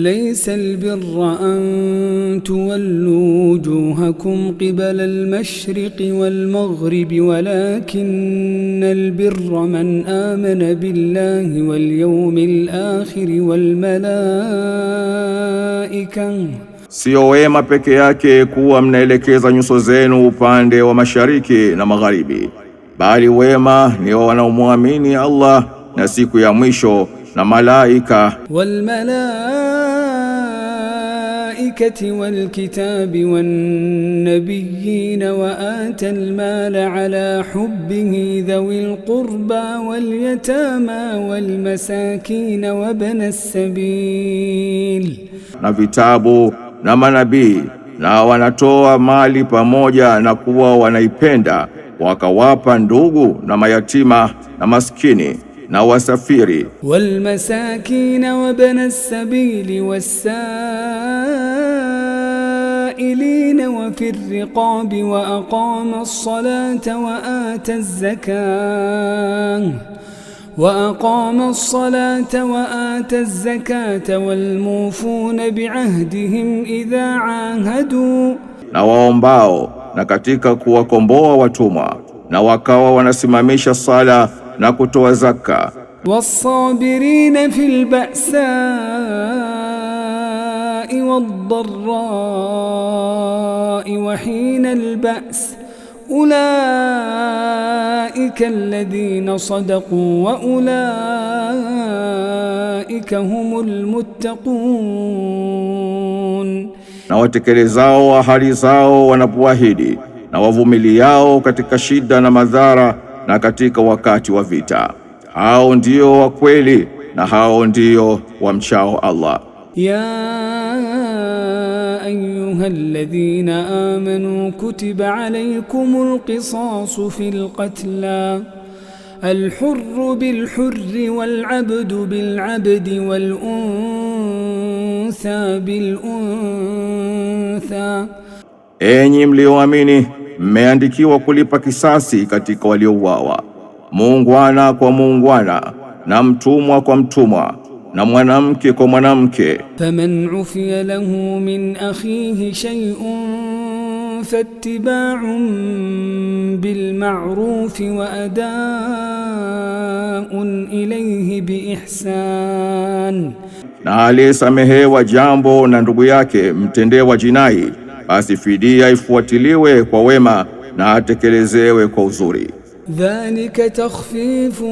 ليس البر أن تولوا وجوهكم قبل المشرق والمغرب ولكن البر من آمن بالله واليوم الآخر والملائكة Siyo wema peke yake kuwa mnaelekeza nyuso zenu upande wa mashariki na magharibi, bali wema ni wanaomwamini Allah na siku ya mwisho na malaika wal malaika الملائكة والكتاب والنبيين وآتى المال على حبه ذوي القربى واليتامى والمساكين وابن السبيل na vitabu na manabii na wanatoa mali pamoja na kuwa wanaipenda wakawapa ndugu na mayatima na maskini na wasafiri walmasakina wabna sabili wassa السائلين وفي الرقاب وأقام الصلاة وآتى الزكاة وأقام الصلاة وآتى الزكاة والموفون بعهدهم إذا عاهدوا na waombao na katika kuwakomboa watumwa na wakawa wanasimamisha sala na kutoa zaka wasabirina fil ba'sa الضراء وحين البأس أولئك الذين صدقوا وأولئك هم المتقون na watekelezao ahadi zao wanapoahidi na wavumiliao katika shida na madhara na katika wakati wa vita, hao ndio wa kweli na hao ndio wamchao Allah ya ايها الذين امنوا كتب عليكم القصاص في القتلى الحر بالحر والعبد بالعبد والانثى بالانثى Enyi mlioamini mmeandikiwa kulipa kisasi katika waliouawa, muungwana kwa muungwana na mtumwa kwa mtumwa na mwanamke kwa mwanamke. faman ufiya lahu min akhihi shay'un fattiba'un bil ma'ruf wa ada'un ilayhi bi ihsan, na aliyesamehewa jambo na ndugu yake mtendewa jinai, basi fidia ifuatiliwe kwa wema na atekelezewe kwa uzuri. ذلك تخفيف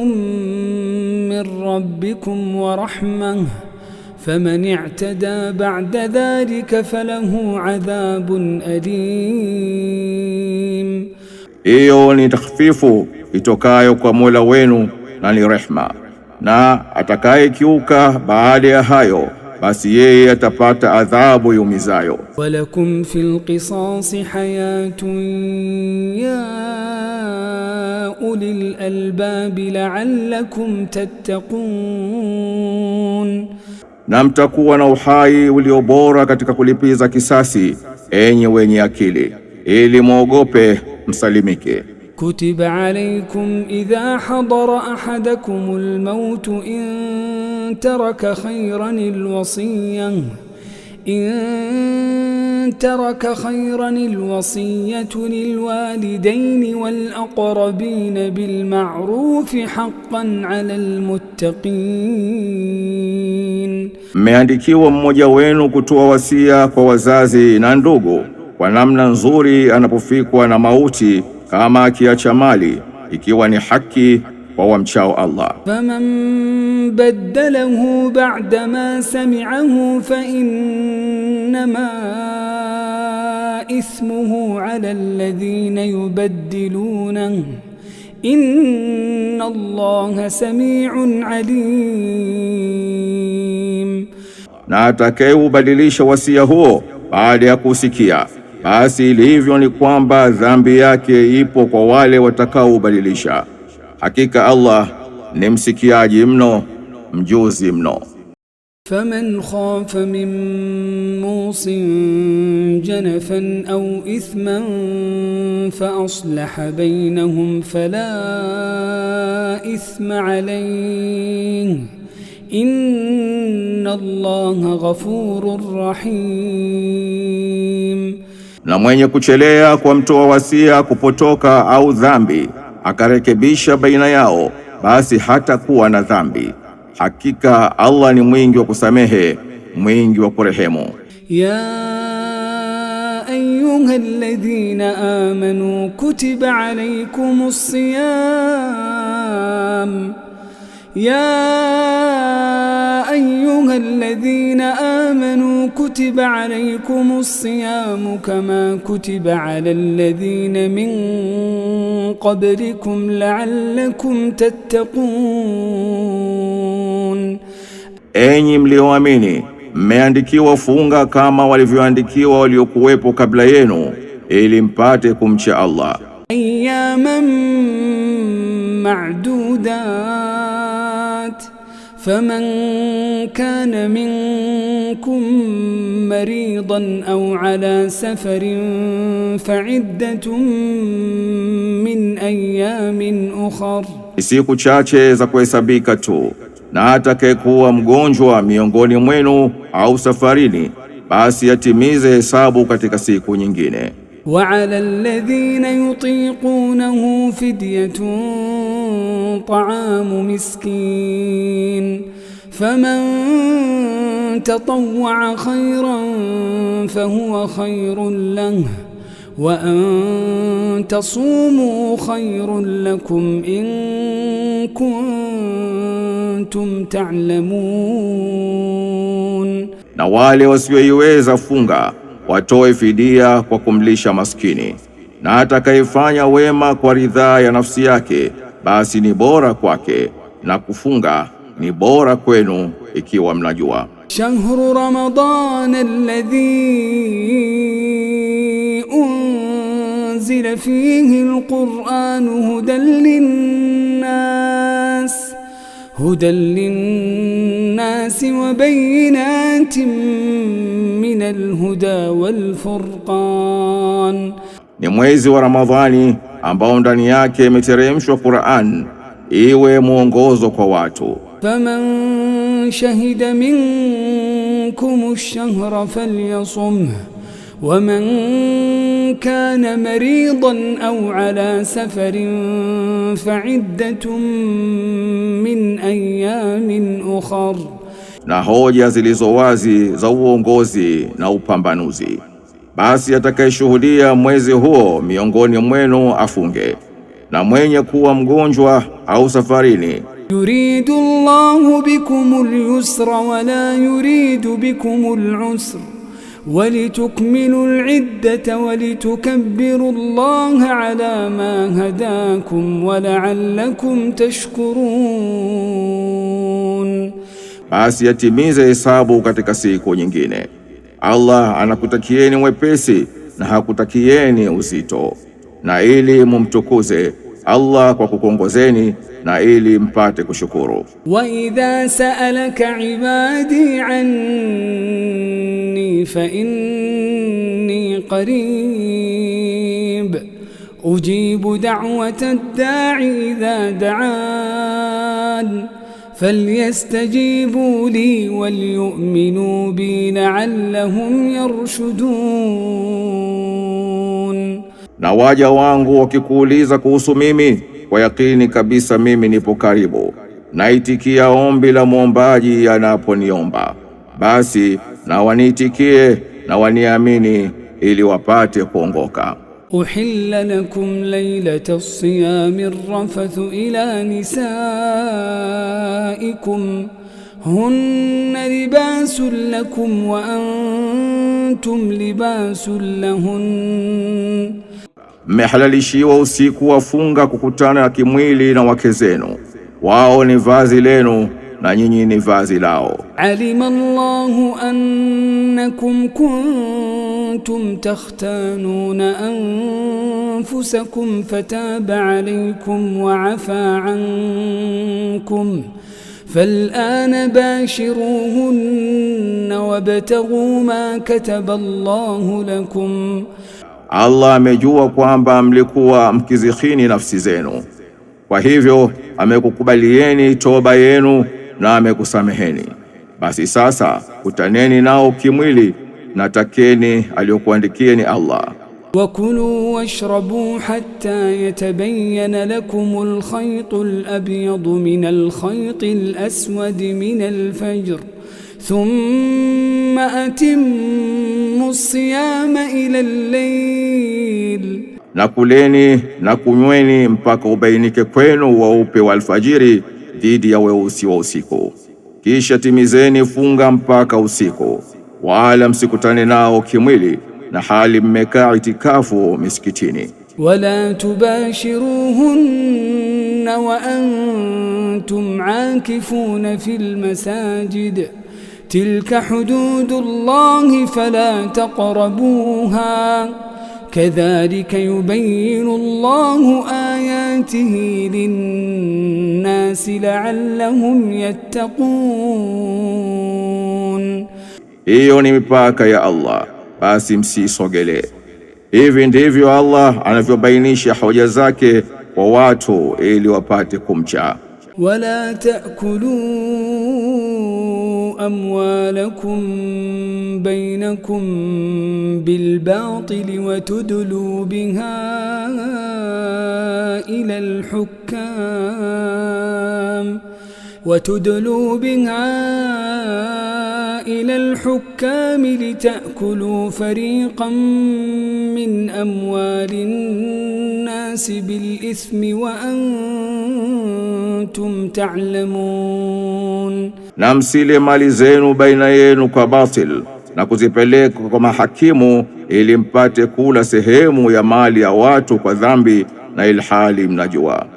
من ربكم ورحمة فمن اعتدى بعد ذلك فله عذاب أليم Hiyo ni takhfifu itokayo kwa Mola wenu na ni rehma, na atakayekiuka baada ya hayo basi yeye atapata adhabu yumizayo. walakum fil qisasi hayatun ya أولي الألباب لعلكم تتقون na mtakuwa na uhai ulio bora katika kulipiza kisasi, enye wenye akili, ili muogope msalimike. Kutiba alaykum idha hadara ahadakum almaut in taraka khayran alwasiyah in ترك خيرا الوصية للوالدين والأقربين بالمعروف حقا على المتقين. Mmeandikiwa mmoja wenu kutoa wasia kwa wazazi na ndugu kwa namna nzuri anapofikwa na mauti, kama akiacha mali ikiwa ni haki wa wamchao Allah. faman badalahu ba'da ma sami'ahu fa innama ismuhu 'ala alladhina yubaddiluna inna Allaha sami'un 'alim, na atakayeubadilisha wasia huo baada ya kusikia basi ilivyo ni kwamba dhambi yake ipo kwa wale watakaoubadilisha Hakika Allah ni msikiaji mno, mjuzi mno. Faman khafa min musin janafan au ithman fa aslaha bainahum fala ithma alayhi inna Allaha ghafurur rahim, na mwenye kuchelea kwa mtoa wasia kupotoka au dhambi akarekebisha baina yao, basi hatakuwa na dhambi. Hakika Allah ni mwingi wa kusamehe, mwingi wa kurehemu. ya ayyuhalladhina amanu kutiba alaykumus siyam ya أيها الذين آمنوا كتب عليكم الصيام كما كتب على الذين من قبلكم لعلكم تتقون Enyi mlioamini mmeandikiwa funga kama walivyoandikiwa waliokuwepo kabla yenu ili mpate kumcha Allah Ayyaman ma'dudat فمن كان منكم مريضا او على سفر فعده من ايام اخر siku chache za kuhesabika tu na atakayekuwa mgonjwa miongoni mwenu au safarini basi atimize hesabu katika siku nyingine wa ala alladhina yutiqunahu fidyatun طعام مسكين فمن تطوع خيرا فهو خير له وأن تصوموا خير لكم إن kuntum ta'lamun, na wale wasioiweza funga watoe fidia kwa kumlisha maskini, na atakayefanya wema kwa ridhaa ya nafsi yake basi ni bora kwake na kufunga ni bora kwenu ikiwa mnajua. Shahru Ramadan alladhi unzila fihi alquran hudan linnas hudan linnas wa bayyinatin min alhuda walfurqan, ni mwezi wa Ramadhani ambao ndani yake imeteremshwa Qur'an iwe mwongozo kwa watu. Faman shahida minkum ash-shahra falyasum wa man kana maridan au ala safarin fa'iddatun min ayamin ukhra, na hoja zilizo wazi za uongozi na upambanuzi basi atakayeshuhudia mwezi huo miongoni mwenu afunge, na mwenye kuwa mgonjwa au safarini. Yuridu Allahu bikumul yusra wala yuridu bikumul usra walitukmilul iddata walitukabbiru Allaha ala ma hadakum walaallakum tashkurun, basi atimize hesabu katika siku nyingine Allah anakutakieni wepesi na hakutakieni uzito, na ili mumtukuze Allah kwa kukongozeni na ili mpate kushukuru. wa idha sa'alaka ibadi anni fa inni qarib ujibu da'wata dai idha da'an فليستجيبوا لي وليؤمنوا بي la'allahum yarshudun, na waja wangu wakikuuliza kuhusu mimi, kwa yakini kabisa mimi nipo karibu, naitikia ombi la mwombaji anaponiomba, basi na waniitikie na waniamini ili wapate kuongoka. أحل لكم ليلة الصيام الرفث إلى نسائكم هن لباس لكم وأنتم لباس لهن Mmehalalishiwa usiku wa funga kukutana na kimwili na wake zenu, wao ni vazi lenu na nyinyi ni vazi lao. Alimallahu annakum kuntum كنتم تختانون أنفسكم فتاب عليكم وعفى عنكم فالآن باشروهن wabtaghu ma kataba Allahu lakum, Allah amejua kwamba mlikuwa mkizikhini nafsi zenu, kwa hivyo amekukubalieni toba yenu na amekusameheni. Basi sasa kutaneni nao kimwili na takeni aliyokuandikieni Allah. Wakulu washrabu hatta yatabayyana lakum alkhaytu alabyadu min alkhayti alaswadi min alfajr thumma atimmu siyama ila allayl, na kuleni na kunyweni mpaka ubainike kwenu weupe wa alfajiri dhidi ya weusi wa usiku, kisha timizeni funga mpaka usiku wala msikutane nao kimwili na hali mmekaa itikafu misikitini. Wala tubashiruhunna wa antum akifuna fil masajid tilka hududullahi fala taqrabuha kadhalika yubayyinu Allahu ayatihi linnasi la'allahum yattaqun hiyo ni mipaka ya Allah, basi msiisogelee. Hivi ndivyo Allah anavyobainisha hoja zake kwa watu ili wapate kumcha. Wala taakulu amwalakum bainakum bilbatili watudlu biha ila alhukam وتدلوا بها ila الحكام litakulu فريقا من amwali nnasi bilithmi wa تعلمون talamun, na msile mali zenu baina yenu kwa batil na kuzipeleka kwa mahakimu ili mpate kula sehemu ya mali ya watu kwa dhambi na ilhali mnajua.